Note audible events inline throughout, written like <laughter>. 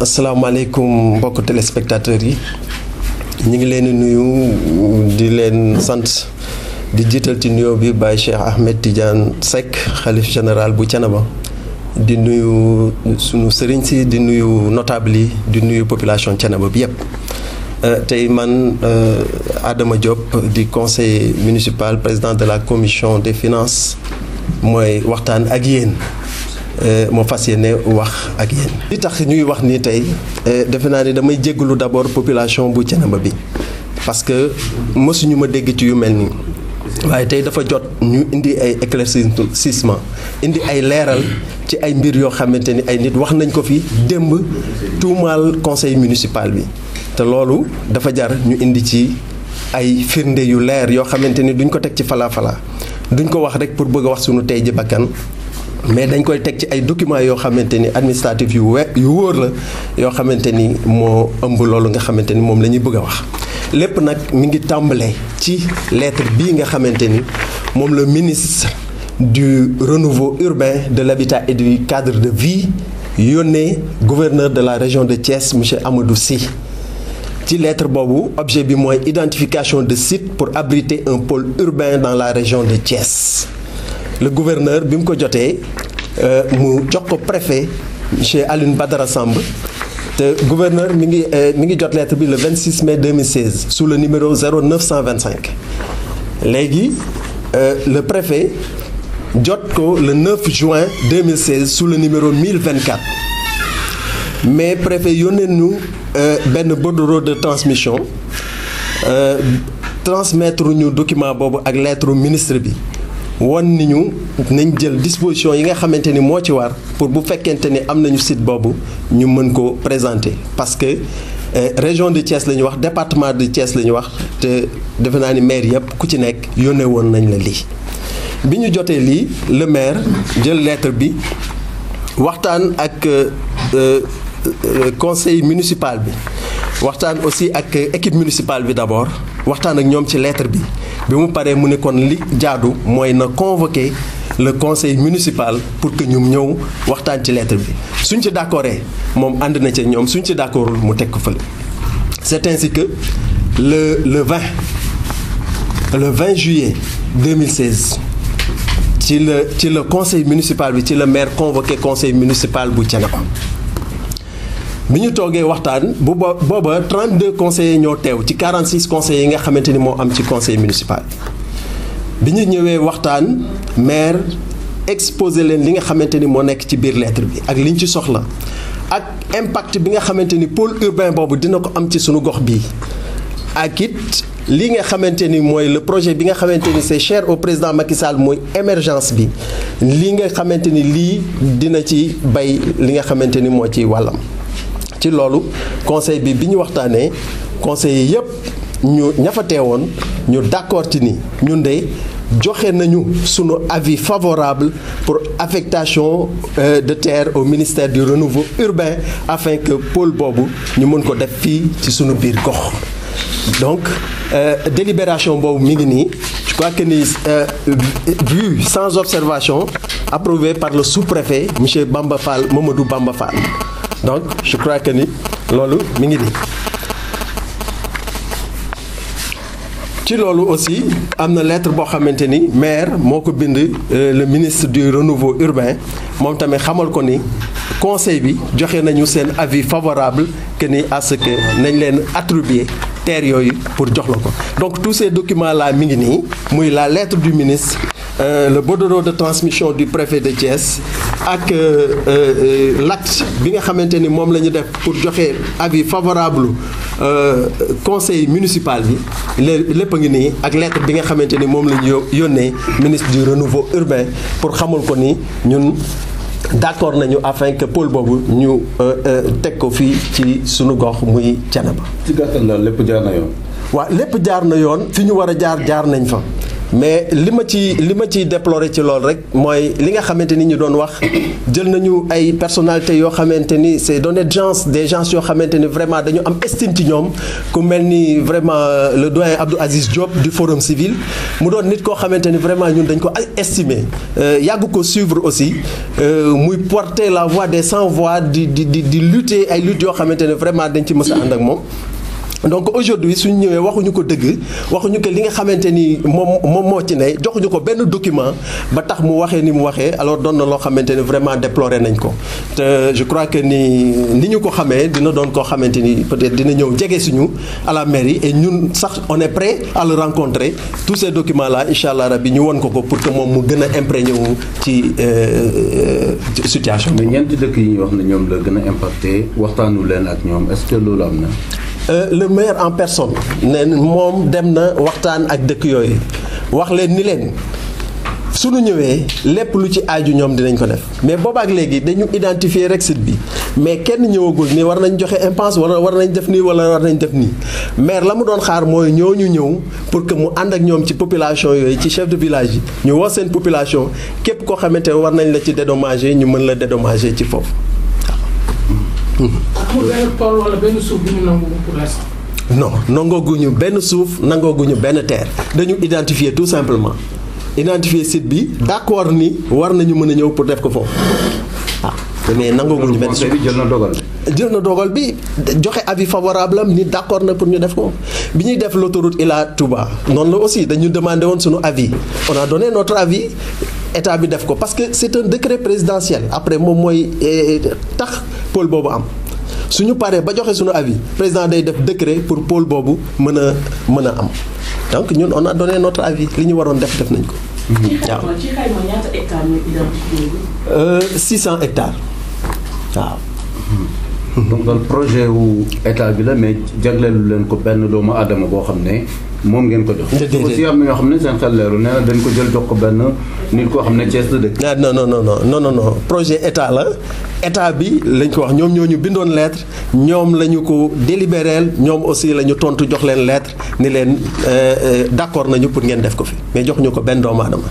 asalaamaaleykum mbokk téléspectateurs yi ñi ngi leen nuyu di leen sant di jiital ci nuyoo bi Cheikh Ahmed Tidiane sek xalif général bu Thiénaba di nuyu sunu sëriñ si di nuyu notable di nuyu population Thiénaba bi yépp euh, tey man euh, Adama Diop di conseiller municipal président de la commission des finances mooy waxtaan ak Euh, moo fas yéene wax ak yéen. li ñuy wax ni tey euh, defe naa ne damay jéggalu d'abord population bu Thiénaba bi parce que mësuñu ma dégg ci yu mel nii waaye tey dafa jot ñu indi ay éclaircissement indi ay leeral ci ay mbir yoo xamante ni ay nit wax nañ ko fi démb tuumaal conseil municipal bi te loolu dafa jar ñu indi ci ay firnde yu leer yoo xamante ni duñ ko teg ci falaa falaa duñ ko wax rek pour bëgg a wax sunu tey ji bàkkan mais dañ koy tek ci ay documents yo xamanteni administratif yu wé yu wor la yo xamanteni mo ëmb nga xamanteni mom lañuy bëgg wax lépp qui mi ngi tambalé ci lettre bi nga xamanteni mom ministre du renouveau urbain de l'habitat et du cadre de vie Yone gouverneur de la région de Thiès monsieur Amadou Sy ci lettre bobu objet bi moy identification de site pour abriter un pôle urbain dans la région de Thiès le gouverneur Bimko euh, ko préfet chez Aline Badara Samb gouverneur ngi euh, ngi lettre le 26 mai 2016 sous le numéro 0925 euh, le préfet jot le 9 juin 2016 sous le numéro 1024 mais préfet nous bon de transmission transmettre nos document à ak lettre ministre bi won ñu nañ jël disposition yi nga xamante ni moo ci war pour bu fekkente ni am nañu site boobu ñu mën ko présenter parce que euh, région de Thiès la ñu wax département de Thiès la ñu wax te defe naa ni maire yëpp ku ci nekk yónnee woon nañ la lii bi ñu jotee lii le maire jël lettre bi waxtaan ak euh, euh, conseil municipal bi waxtaan aussi ak équipe municipale bi d'abord waxtaan ak ñoom ci lettre bi bi mu paree mu ne kon li jaadu moy na convoquer le conseil municipal pour que nous ñew waxtaan ci lettre bi suñ ci d'accordé mom and na ci ñoom suñ ci d'accordul mu tek ko c'est ainsi que le le 20 le 20 juillet 2016 ci le ci le conseil municipal bi ci le maire convoqué conseil municipal bu bi ñu waxtaan bu 32 conseillers ñoo teew ci 46 conseillers nga xamanteni mo am ci conseil municipal biñu ñëwé waxtaan maire exposé leen li nga xamanteni mo moo nekk ci biir lettre bi ak liñ ci soxla ak impact bi nga xamanteni pôle urbain bobu dina ko am ci suñu gox bi akit li nga xamanteni moy le projet bi nga xamanteni c'est cher au président Macky Sall moy émergence bi li nga xamanteni li dina ci bay li nga xamanteni mo ci walam ci conseil bi biñu ñu conseil yépp ñu ña fa ñu d'accord ci ni ñun dé joxé nañu suñu avis favorable pour affectation euh, de terre au ministère du renouveau urbain afin que paul Bobu ñu mën ko def qui ci suñu biir gox. donc euh, délibération bon mi je crois que ni euh, vue sans observation approuvée par le sous-préfet monsieur Bamba Fall Mamadou Bamba Fall donc je crois que ni lolu mi ngi nii ci lolu aussi amna lettre bo xamanteni maire moko bind euh, le ministre du renouveau urbain mom tamé xamal ko ni conseil bi joxé nañu sen avis favorable que ni à ce que nañ len attribuer terre yoyu pour jox donc tous ces documents là mi ngi la lettre du ministre euh, le bordereau de transmission du préfet de Thiès ak euh, euh, l'acte bi nga xamante fait pour donner un pour avis favorable conseil municipal bi lépp a ak lettre bi nga xamante ni moom ministre du renouveau urbain pour xamul ko ni ñun d'accord nañu afin que Paul Bobu ñu teg ko fii ci sunu gox muy Thiénaba. ci gàttal daal lépp jaar na yoon. waaw lépp jaar na yoon fi ñu war jaar jaar nañ fa mais lima ci lima ci déplorer ci lool rek moy li nga xamanteni ñu doon wax jël nañu ay personnalité yo xamanteni ni c'est d'honnêtes gens des gens yo xamanteni vraiment dañu am estime ci ñom ku melni vraiment euh, le doyen Abdou Aziz Diop du Forum Civil mu doon nit ko xamanteni vraiment ñun dañ ko estimer euh, yagu ko suivre aussi euh, muy porter la voix des sans voix di di di di lutter ay lutte yo xamanteni vraiment dañ ci mës and ak mom donc aujourd'hui suñu ñëwee waxuñu ko dëgg waxu ñu ke li nga xamante mom mo moom moo ci ne joxuñu ko benn document ba tax mu waxé ni mu waxé alors doon na lo xamante vraiment déplorer nañ ko te je crois que ni ni ñu ko xamee dina doon ko xamante peut-être dina ñëw jege suñu à la mairie et ñun sax on est prêt à le rencontrer tous ces documents là inshallah allah rabi ñu won ko ko pour que mom mu gëna a imprégné wu ci euh, situation mais ñent dëkk yi ñu wax na ñom la gëna a impacté waxtaanu leen ak ñom est-ce que loolu am na. Euh, le maire en personne ne moom dem na waxtaan ak dëkk yooyu wax leen ni leen suñu ñëwee lépp lu ci aaju ñoom dinañ ko def mais boobaak léegi dañu identifier rek site bi mais kenn ñëwagul ni war nañ joxe impense wala war nañ def nii wala war nañ def nii maire la mu doon xaar mooy ñu ñëw pour que mu ànd ak ñoom ci population yooyu ci chef de village yi ñu woo seen population képp koo xamante war nañ la ci dédommager ñu mën la dédommager ci foofu Mmh. non non tool wala benn nous nous nangu pour non identifier tout simplement identifier site bi d'accord ni war pour def ko ah, mais nous jël na dogal jël na dogal bi avis favorable ni d'accord na pour ñu def ko l'autoroute Ila Touba non non aussi avis on a donné notre avis état bi def ko parce que c'est un décret présidentiel après moom et eh, eh, tax Paul bobu am suñu paré ba joxe suñu avis président day def décret pour paul bobu mena mena am donc ñun on a donné notre avis li ñu waroon def def nañ ko. Mm-hmm. hectares 600 euh, hectares mm-hmm. donc projet wu état bi la mais jagleelu leen ko benn doomu aadama boo xam ne moom ngeen ko jox. te aussi am na ñoo xam ne seen xel leeru nee na dañ ko jël jox ko benn nit koo xam ne Thiès la dëkk. Ah, non non non non projet état la état bi lañ ko wax ñoom ñoo ñu bindoon lettre ñoom la ñu ko délibéréel ñoom aussi la ñu tontu jox leen lettre ni leen euh, euh, d'accord nañu pour ngeen def ko fi mais jox ñu ko benn doomu aadama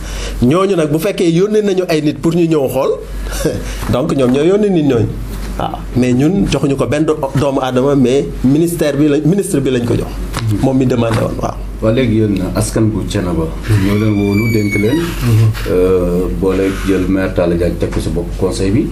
ñooñu nag bu fekkee yónnee nañu ay nit pour ñu ñëw xool <laughs> donc ñoom ñoo yónnee nit ñooñu. waaw ah. mais ñun joxuñu ko benn doomu aadama mais ministère bi lañ ministre bi lañ ko jox. moom mi demandé woon waaw. waa léegi yéen askan bu Thiénaba. ñoo leen wóolu dénk leen. Euh, boole jël maire Talla Diagne teg ko si bopp conseil bi.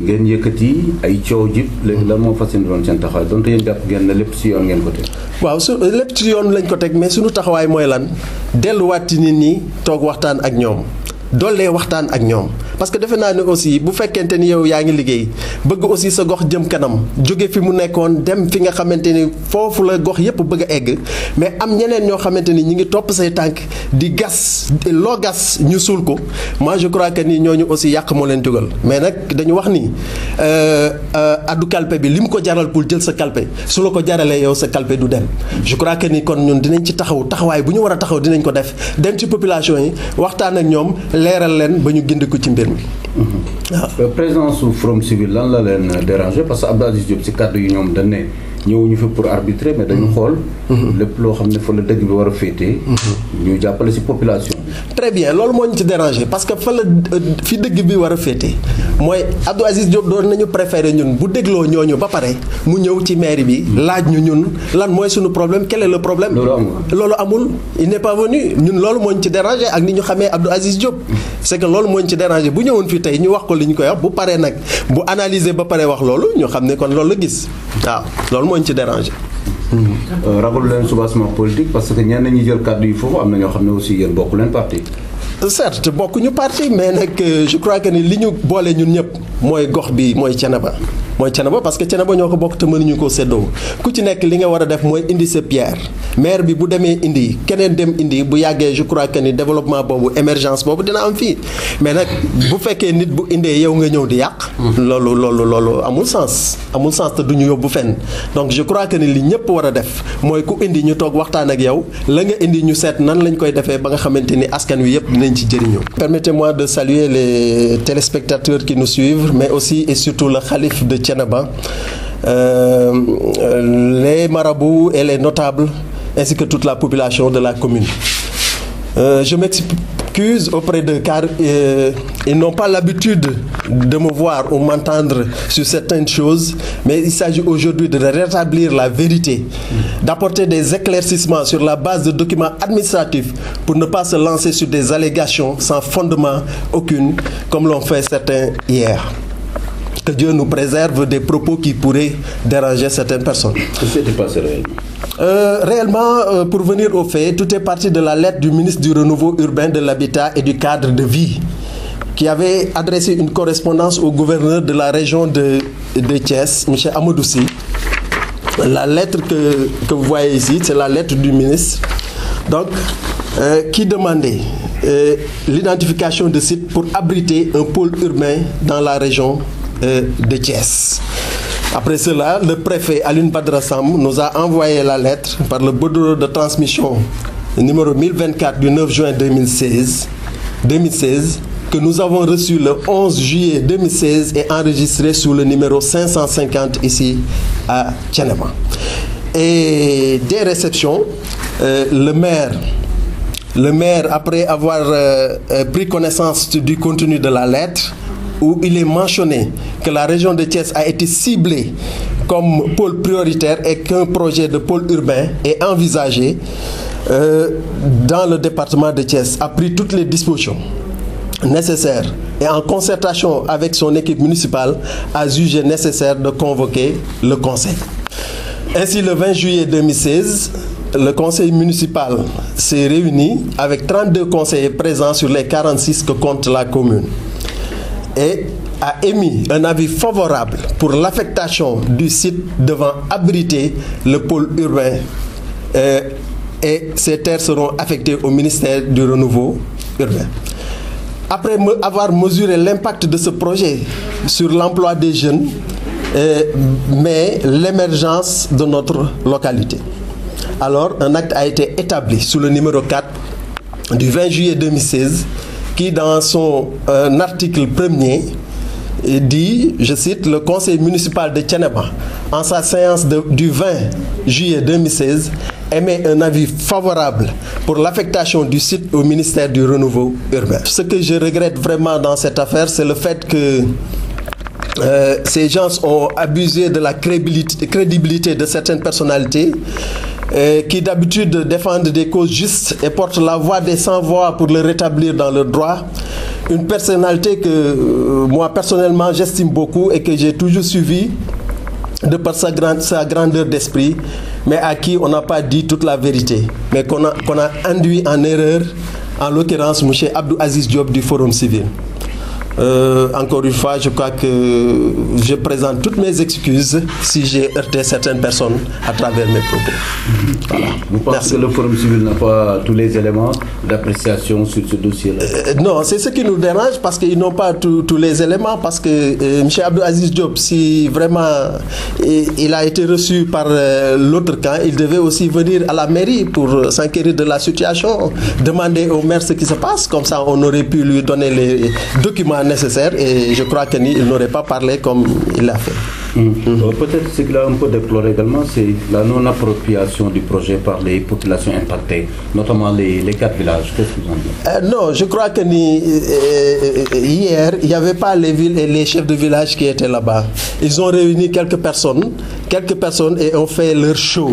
ngeen yëkkati ay coow jib léegi lan moo fas yéene doon seen taxawaay donte yéen jàpp genn ne lépp si yoon ngeen ko teg. waaw su lépp ci yoon lañ ko teg mais suñu taxawaay mooy lan delluwaat ci nit ñi toog waxtaan ak ñoom. doolee waxtaan ak ñoom parce que defe naa ne aussi bu fekkente ni yow yaa ngi liggéey bëgg aussi sa gox jëm kanam jóge fi mu nekkoon dem fi nga xamante ni foofu la gox yépp bëgg a egg mais am ñeneen ñoo xamante ni ñu ngi topp say tànk di gas loo gas ñu suul ko moi je crois que ni ñooñu aussi yàq moo leen jógal mais nag dañu wax ni euh, euh, addu kalpe bi li mu ko jaral pour jël sa kalpe su la ko jaralee yow sa kalpe du dem je crois que nii kon ñun dinañ ci taxaw taxawaay bu ñu war a taxaw dinañ ko def dem ci population yi waxtaan ak ñoom leeral leen ba ñu gind ko ci mbir mi waaw. Euh, présence su Civil lan la leen déranger parce que Abdou Aziz Diop si kàddu yu ñoom dañ ne ñëwuñu fi pour arbitrer mais dañu mm-hmm. xool. Mm-hmm. lépp loo xam ne fa la dëgg bi war a mm-hmm. ñu jàppale si population. très bien lolu moñ ci dérangé parce que fa la euh, fi deug bi wara fété moy Abdou Aziz Diop do nañu préférer ñun bu déglo ñoñu ba paré mu ñëw ci mairie bi. laaj ñu ñun lan moy suñu problème quel est le problème. lolu amul il n'est pas venu ñun lolu moñ ci dérangé ak ni ñu xamé Abdou Aziz Diop. c'est que lolu moñ ci dérangé bu ñëwoon fi tay ñu wax ko li ñu koy wax bu paré nak bu analyser ba paré wax lolu ñu xamné kon lolu gis waaw lolu moñ ci déranger Euh, ragalu leen soubassement politique parce que ñenn ñi jël kàddu yi foofu am na ñoo xam ne aussi yéen bokk leen parti certes ñu parti mais nak euh, je crois que ni li ñu boole ñun ñëpp moy gox bi moy cianaba moy cianaba parce que cianaba ñoko bokk te mënuñu koo séddoo ku ci nekk li nga wara def moy indi sa pierre maire bi bu démé indi keneen dem indi bu yagge je crois que ni développement bobu émergence bobu dina am fi mais nak bu féké nit bu indé yow nga ñëw di yàq. lolu lolu lolu amul sens amul sens te duñu yobbu fenn donc je crois que ni li ñëpp war def moy ku indi ñu tok waxtaan ak yow la nga indi ñu seet nan lañ koy défé ba nga xamanteni askan wi yëpp permettez-moi de saluer les téléspectateurs qui nous suivent mais aussi et surtout le calife de Tianaba, euh, les marabouts et les notables ainsi que toute la population de la commune. Euh, je m'explique m'excuse auprès d'eux car euh, ils n'ont pas l'habitude de me voir ou m'entendre sur certaines choses, mais il s'agit aujourd'hui de rétablir la vérité, d'apporter des éclaircissements sur la base de documents administratifs pour ne pas se lancer sur des allégations sans fondement aucune, comme l'ont fait certains hier que Dieu nous préserve des propos qui pourraient déranger certaines personnes. Qu'est-ce passé réellement euh, Réellement, euh, pour venir au fait, tout est parti de la lettre du ministre du Renouveau urbain de l'Habitat et du cadre de vie qui avait adressé une correspondance au gouverneur de la région de, de Michel M. La lettre que, vous voyez ici, c'est la lettre du ministre. Donc, euh, qui demandait l'identification de sites pour abriter un pôle urbain dans la région euh, de Thiès. Après cela, le préfet Alun Padrasam nous a envoyé la lettre par le bureau de transmission numéro 1024 du 9 juin 2016, que nous avons reçu le 11 juillet 2016 et enregistré sous le numéro 550 ici à Tianema. Et des réceptions, euh, le maire le maire, après avoir euh, pris connaissance du contenu de la lettre, où il est mentionné que la région de Thiès a été ciblée comme pôle prioritaire et qu'un projet de pôle urbain est envisagé euh, dans le département de Thiès, a pris toutes les dispositions nécessaires et en concertation avec son équipe municipale a jugé nécessaire de convoquer le conseil. Ainsi, le 20 juillet 2016, le conseil municipal s'est réuni avec 32 conseillers présents sur les 46 que compte la commune et a émis un avis favorable pour l'affectation du site devant abriter le pôle urbain euh, et ces terres seront affectées au ministère du renouveau urbain. Après avoir mesuré l'impact de ce projet sur l'emploi des jeunes, euh, mais l'émergence de notre localité. Alors, un acte a été établi sous le numéro 4 du 20 juillet 2016 qui, dans son euh, article premier, dit, je cite, le conseil municipal de Tchénéba, en sa séance du 20 juillet 2016, émet un avis favorable pour l'affectation du site au ministère du Renouveau urbain. Ce que je regrette vraiment dans cette affaire, c'est le fait que euh, ces gens ont abusé de la crédibilité de certaines personnalités qui d'habitude défendent des causes justes et portent la voix des sans-voix pour les rétablir dans le droit. Une personnalité que euh, moi personnellement j'estime beaucoup et que j'ai toujours suivi de par sa, sa grandeur d'esprit, mais à qui on n'a pas dit toute la vérité, mais qu'on a, a induit en erreur, en l'occurrence M. Abdou Aziz Diop du Forum civil. Euh, encore une fois, je crois que je présente toutes mes excuses si j'ai heurté certaines personnes à travers mes propos. Vous pensez que le Forum civil n'a pas tous les éléments d'appréciation sur ce dossier-là euh, Non, c'est ce qui nous dérange parce qu'ils n'ont pas tous les éléments. Parce que euh, M. Abdou si vraiment il a été reçu par l'autre camp, il devait aussi venir à la mairie pour s'inquiéter de la situation, demander au maire ce qui se passe. Comme ça, on aurait pu lui donner les documents nécessaire et je crois qu'il n'aurait pas parlé comme il l'a fait. Mm-hmm. Euh, peut-être ce qu'il a un peu déploré également, c'est la non-appropriation du projet par les populations impactées, notamment les, les quatre villages. que vous euh, Non, je crois que euh, hier, il n'y avait pas les villes et les chefs de village qui étaient là-bas. Ils ont réuni quelques personnes, quelques personnes et ont fait leur show.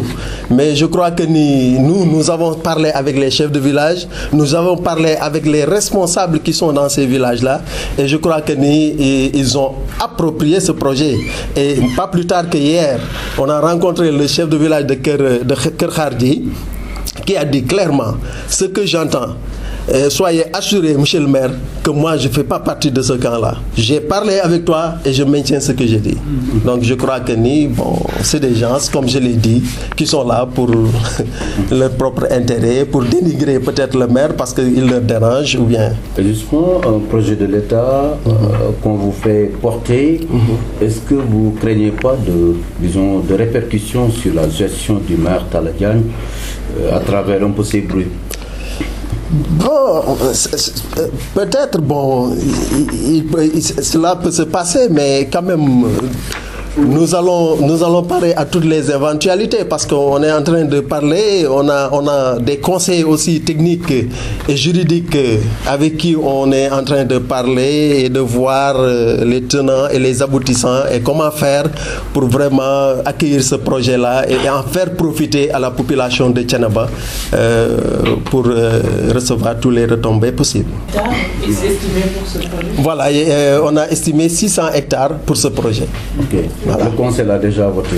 Mais je crois que nous, nous avons parlé avec les chefs de village, nous avons parlé avec les responsables qui sont dans ces villages-là. Et je crois que ni, ils ont approprié ce projet. Et pas plus tard que hier, on a rencontré le chef de village de Kerkhardi qui a dit clairement ce que j'entends euh, soyez assuré, monsieur le maire, que moi, je ne fais pas partie de ce camp-là. J'ai parlé avec toi et je maintiens ce que j'ai dit. Donc, je crois que ni, bon, c'est des gens, comme je l'ai dit, qui sont là pour <laughs> leur propre intérêt, pour dénigrer peut-être le maire parce qu'il leur dérange ou bien. Justement, un projet de l'État euh, qu'on vous fait porter, mhm. est-ce que vous craignez pas de, disons, de répercussions sur la gestion du maire Taladian euh, à travers un possible bruit Bon, peut-être, bon, il, cela peut se passer, mais quand même, nous allons, nous allons parler à toutes les éventualités parce qu'on est en train de parler, on a, on a des conseils aussi techniques et juridiques avec qui on est en train de parler et de voir euh, les tenants et les aboutissants et comment faire pour vraiment accueillir ce projet-là et, en faire profiter à la population de Tchanaba euh, pour euh, recevoir tous les retombées possibles. Voilà, on a estimé 600 hectares pour ce projet. Le Conseil a déjà voté.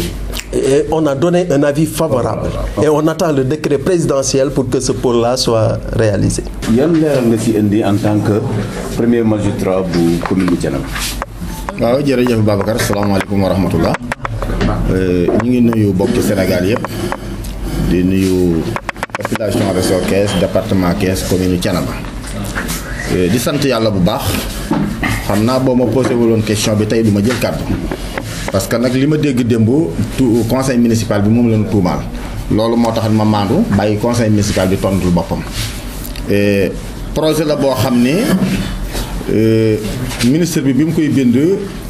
Et on a donné un avis favorable. Et on attend le décret présidentiel pour que ce pôle-là soit réalisé. Yann Indi en tant que premier magistrat bu commune bu Thiénaba. waaw jërëjëf Babacar salaamaaleykum wa rahmatullah euh, ñu ngi nuyu bokki Sénégal yëpp di nuyu population réseau Thiès département Thiès commune Thiénaba euh, di sant yàlla bu baax xam naa boo ma posé wuloon question bi tey du ma jël kàddu. parce que nag li ma dégg démb conseil municipal bi moom la ñu tuumaal loolu moo tax ma maandu bàyyi conseil municipal bi tontul boppam projet la boo xam ne euh, ministre bi bi mu koy bind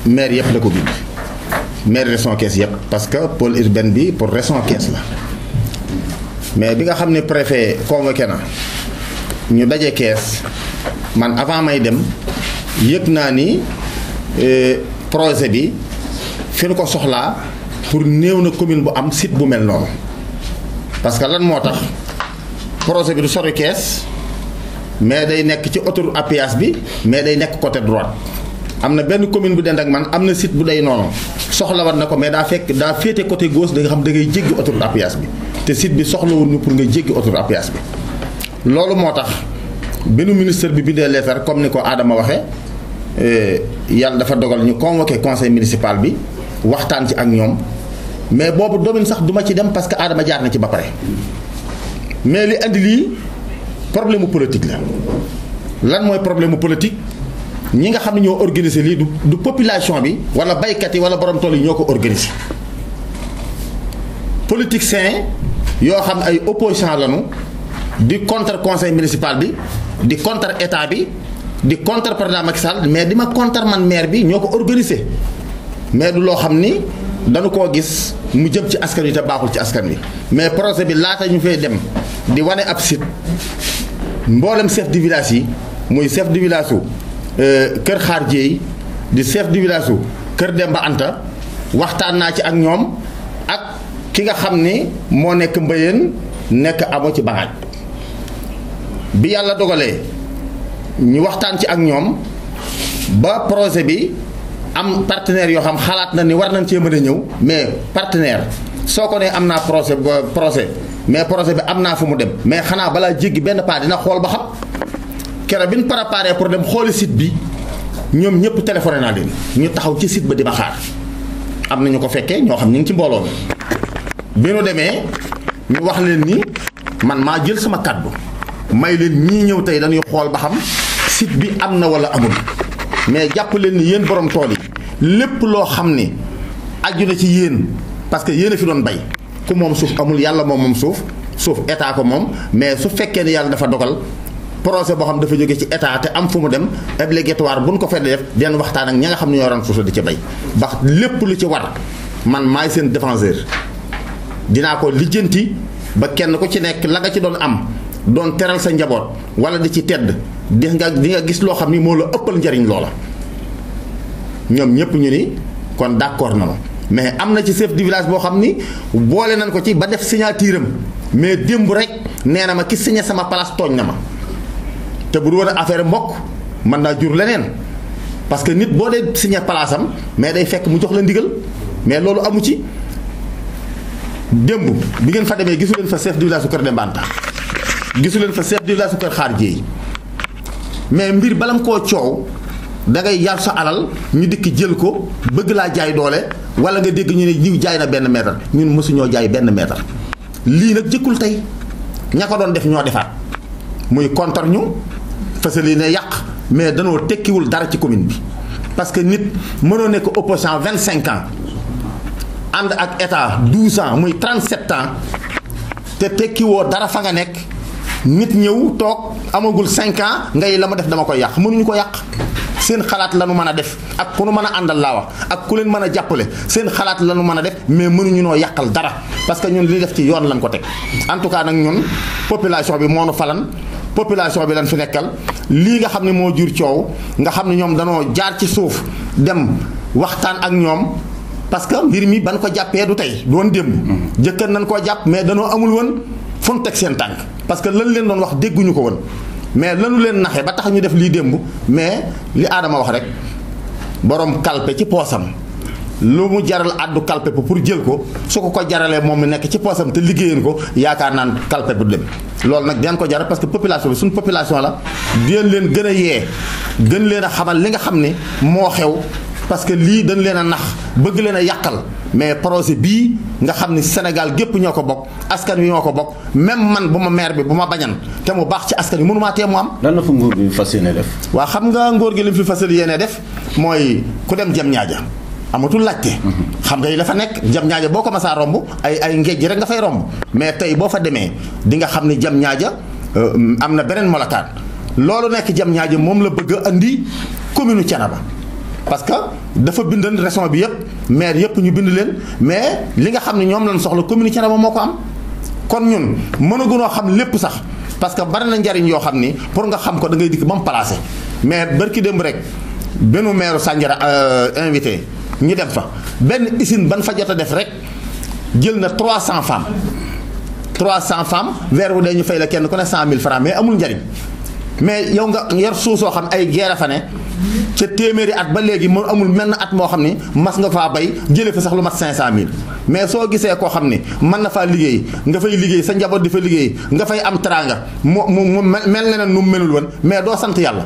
maire yëpp la ko bind maire région Thiès yëpp parce que pôle urbain bi pour région Thiès la mais bi nga xam ne préfet convoqué kena ñu daje kees man avant may dem yëg naa ni euh, projet bi fi ñu pour ne commune bu am site bu mel parce que lan motax projet bi du sori caisse mais day ci bi mais day côté droite amna commune bu ak man site bu day non mais da fek da côté gauche da nga xam da ngay site bi pour nga bi. ministre bi comme niko adama waxé euh yalla dafa dogal ñu convoquer conseil municipal bi. waxtaan ci ak ñoom mais boobu domine sax duma ci dem parce que aadama jaar na ci ba pare mais li andi lii problème politique la lan mooy problème politique ñi nga xam ne ñoo organiser lii du du population bi wala baykat yi wala borom tool yi ñoo ko organiser yo yoo xam ay opposition lañu di contre conseil municipal bi di contre état bi di contre président Macky Sall mais ma contre man maire bi ñoo ko organiser mais du loo xam ni dañu ko gis mu jëm ci askan wi te baaxul ci askan wi mais projet bi laata ñu fay dem di wane ab site mboolem chef de village yi muy chef de village su euh, Kër Xaar Jéey di chef de village su Anta waxtaan naa ci ak ñoom ak ki nga xam ni moo nekk Mbayeen nekk amo ci Bagaaj bi yàlla dogalee ñu waxtaan ci ak ñoom ba projet bi. am partenaire yo xam xalat na ni war nañ ci mëna ñëw mais partenaire soko ko proses am fumudem? projet projet mais projet bi amna fu mu dem mais xana bala jéggi ben pa dina xol ba xam kéra bi préparé pour dem xol site bi ñom ñëpp téléphoné na leen ñu taxaw ci site ba di ba xaar am ñu ko fekkee ño xam ñi ci mbolo mi bi ñu démé ñu wax leen ni man majil jël sama cadeau may leen ñi ñëw tay dañuy xol ba xam site bi amna wala amul mais jappu len ni yéen borom tool yi lépp lo xam ne aju na ci yéen parce que yéen fi doon bay ku mom suuf amul yàlla mom mom suuf suuf état ko mom mais su fekkee ne yàlla dafa dogal projet bo xam dafa jóge ci état te am fu mu dem obligatoire buñ ko fee def den waxtaan ak ñinga nga xam ne ñoo ran suuf di ci bay bax lépp lu ci war man may sen défenseur dina ko lijeenti ba kenn ko ci nek la nga ci doon am Don teral sa njabot wala di ci tedd di nga di nga gis lo xamni mo la ëppal njariñ lola ñom ñëpp ñu ni kon d'accord na mais amna ci chef du village bo xamni boole nan ko ci ba def signature mais démb rek neena ma ki signé sama place togn na ma te bu woon affaire mbok man naa jur leneen parce que nit bo dé signé place am mais day fekk mu jox la ndigal mais lolu amu ci démb bi ngeen fa démé gisulen fa chef du village ko gisu leen fa chef de village super Xaar mais mbir balam ko coow da ngay yar sa alal ñu dikk jël ko bëgg la jaay doole wala nga dégg ñu ne ñu jaay na benn mètre ñun ñoo jaay benn mètre. lii nag jëkkul tey ña ko doon def ñoo defaat muy contre ñu fasali ne yàq mais danoo tekkiwul dara ci commune bi parce que nit mënoo nekk opposant 25 ans ànd ak état 12 ans muy 37 ans te tekkiwoo dara fa nga nekk. nit ñëw toog amagul 5 ans ngay la ma def dama koy yàq mënuñu ko yàq seen xalaat la nu mën a def ak ku nu mën a àndal laa wax ak ku leen mën a jàppale seen xalaat la nu mën a def mais mënuñu noo yàqal dara parce que ñun li def ci yoon lañ ko teg en tout cas nag ñun population bi moo nu falan population bi lañ fi nekkal lii nga xam ne moo jur coow nga xam ne ñoom danoo jaar ci suuf dem waxtaan ak ñoom parce que mbir mi ban ko jàppee du tey doon démb mm-hmm. jëkkër nañ koo jàpp mais danoo amul woon fu nu teg seen tànk parce que lan leen doon wax dégguñu ko woon mais lanu leen naxe ba tax ñu def lii démb mais li aadama wax rek borom kalpe ci poosam lu mu jaral àddu kalpe pour jël ko su ko ko jaralee moom mu nekk ci poosam te liggéeyeen ko yaakaar naan kalpe bu dem loolu nag dinañ ko jaral parce que population bi suñu population la dinañ leen gën a yee gën leen a xamal li nga xam ne moo xew parce que lii dañ leen a nax bëgg leen a yàqal mais projet bii nga xam ni Sénégal gépp ñoo ko bokk askan wi ñoo ko bokk même man bu ma meer bi bu ma bañan te mu baax ci askan wi mënumaa tee mu am. lan la fa nguur gi fas yéene def. waaw xam nga ngóor gi li fi fas yéene def mooy ku dem jëm ñaaja amatul laajte. Mhm. xam nga yi la nekk jam ñaaja boo ko masaa romb ay ay ngejj rek nga fay mais tey boo fa demee di nga xam ni jam ñaaja euh, am na beneen molokaan loolu nekk jam ñaaja moom la bëgg indi andi commune Thiénaba parce que dafa a raison bi maire ñu bind leen mais li nga xamni ne lañ soxla commune na moo ko am kon ñun mënagunoo xam lepp parce que bari pas yo xamni pour nga xam ko da ngay dik bam placer mais barki dem rek benu maire euh invité ñu dem fa benn usine ban fa def rek jël na 300 femmes 300 femmes vers où fay la kenn ko na 100000 francs mais amul njariñ mais yow nga yar so xam ay guerre ca téeméeri at ba léegi mu amul menn at moo xam ni mas nga faa bay jëlee fa sax lu mat 500000 mais soo gisee koo xam ni mën na faa liggéey nga fay liggéey sa njaboot di fa liggéey nga fay am teraanga mu mu mel ne nu mu melul woon mais doo sant yàlla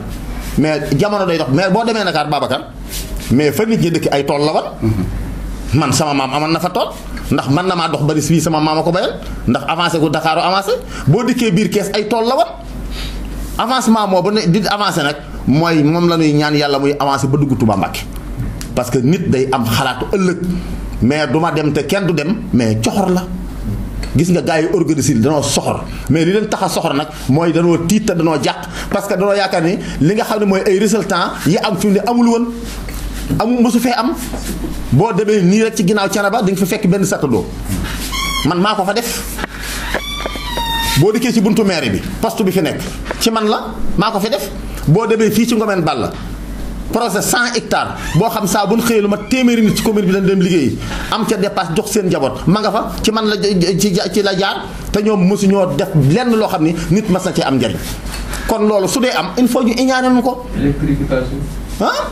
mais jamono day dox mais boo demee Ndakaar Babacar mais fa nit ñi dëkk ay tool la wan. man sama maam aman na fa tool ndax man na maa dox bari fii sama maam a ko bayal ndax avancé gu Dakar avancé boo dikkee biir kees ay tool la avancement moo ba dit avancer nak moy mom la ñaan yalla muy avancer ba dugg Touba Mbacké parce que nit day am xalaatu ëlëk mais duma dem te kenn du dem mais coxor la gis nga gaay organisé li danoo soxor mais li leen taxa a soxor nag mooy danoo tiit te danoo parce que danoo yaakaar ni li nga xamni moy ay résultat yi am fi ni amul woon am musu fe am bo demee ni rek ci ginnaaw ci di dañu fa fekk ben satadoo man mako fa def bo diké ci buntu maire bi poste bi fi nek ci man la mako fi def bo debé fi ci ngomeen balla projet 100 hectares bo xam sa buñ ñu xëyee lu nit ci commune bi dañ dem liggéey am ca dépasse jox seen jabot ma nga fa ci man la ci ci la jaar té ñom mësu ñoo def lenn lo xamni nit ma sa ci am njariñ kon lolu su dé am il faut ñu iñaanal ñuko électrification ah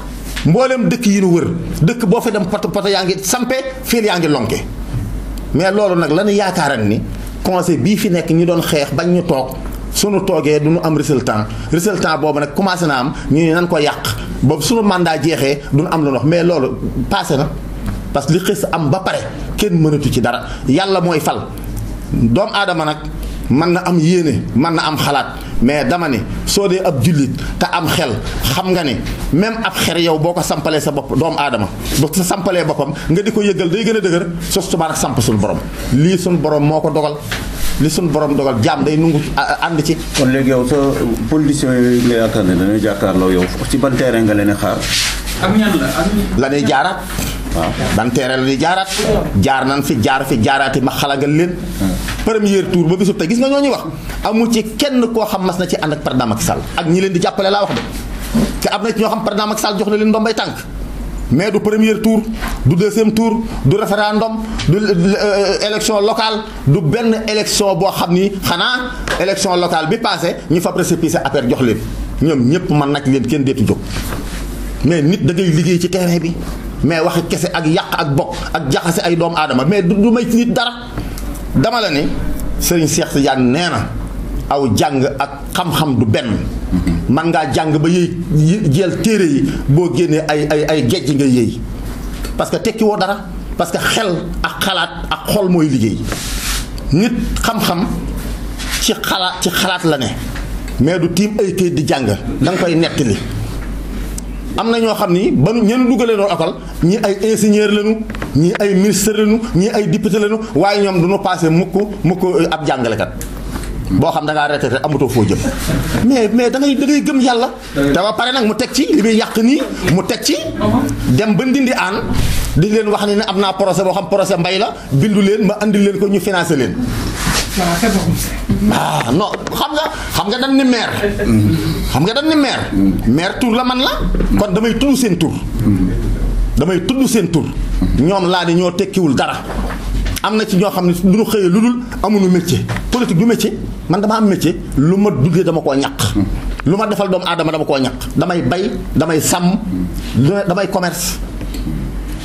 mboolem dëkk yi ñu wër dëkk bo fa dem poto poto yaa ngi sampe fiil yaa ngi lonke mais lolu nak lañu yaakaaran ni conseil bi fi nek ñu doon xex bañ ñu tok nu toogee du ñu am résultat résultat boobu nag commencé na am ñu ne nan ko yàq ba sunu mandat jeexee du ñu am lu wax mais loolu passé na parce que li xës am ba pare kenn mënatu ci dara yàlla mooy fal doomu aadama nag mën na am yéene mën na am xalaat mais dama ne soo dee ab jullit te am xel xam nga ne même ab xer yow boo ko sampalee sa bopp doomu aadama boo sa sampalee boppam nga di ko yëgal day gën a dëgër sos tubaar ak samp suñu borom lii suñu borom moo ko dogal li suñ borom dogal jaam day nungu ànd ci. kon léegi yow sa politiciens yooyu nga yaakaar ne dañuy jàkkaarloo yow ci ban terrain nga leen xaar. ak la ak. la ñuy jaaraat. waaw jaaraat. jaar nañ fi jaar fi jaaraati ma xalagal leen. premier tour ba bisu te gis nga ñoo ñuy wax amul ci kenn koo xam mas na ci ànd ak président Macky Sall ak ñi leen di jàppale laa wax de te am na ci ñoo xam président Macky Sall jox ne leen ndombay tànk. mais du premier tour du deuxième tour du référendum du euh, euh, élection locale du ben élection Bo xamni xana élection locale bi passé ñu fa précipité affaire jox leen ñom ñep man nak leen kenn détu jox mais nit da ngay liggéey ci terrain bi mais waxi kese ak yàq ak bok ak jaxase ay doom aadama mais du may ci nit dara dama la ne Serigne Cheikh Tidiane aw jàng ak xam-xam du benn man ngaa jàng ba yëy jël téere yi boo génnee ay ay ay gejj nga yëy parce que tekki woo dara parce que xel ak xalaat ak xol mooy liggéey nit xam-xam ci xalaat ci xalaat la ne mais du tiim ay këyit di jàng da nga koy nettali am na ñoo xam ni ba ñeen dugalee noonu école ñii ay ingénieur lañu ñii ay ministre lañu ñi ay député lañu waaye ñoom du ñu passé mukk mukk ab jàngalekat boo xam da ngaa retraité amatoo foo jëm mais mais da ngay da ngay gëm yàlla. te pare nag mu teg ci li muy yàq nii mu teg ci. dem ba ndindi aan di leen wax ne ne am naa projet boo xam projet mbay la bindu leen ma andi leen ko ñu financé leen. Ah, xam nga xam nga dañ ni maire. xam nga dam ni maire. maire tur la man la. kon damay tudd seen tur. damay tudd seen tur. ñoom laa ne ñoo tekkiwul dara. am na ci ñoo xam ne du ñu xëyee lu dul amuñu métier politique du métier. man dama am métier lu ma duggee dama koo ñàq lu ma defal doomu aadama dama koo ñaq damay bay damay sàmm damay commerce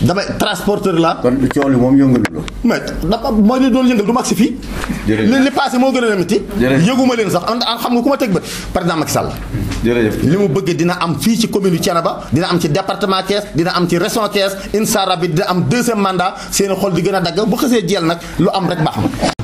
damay transporteur la kon coow li moom yëngalu la. mais dafa mooy li doon yëngal du mag si fii. li li passé moo gën a métti. yëguma leen sax am xam nga ku ma teg bët président Macky Sall. jërëjëf li mu bëggee dina am fii ci commune Thiénaba dina am ci département Thiès dina am ci région Thiès incha allah dina am deuxième mandat seen xol di gën a dagg bu xasee jeel nag lu am rek baax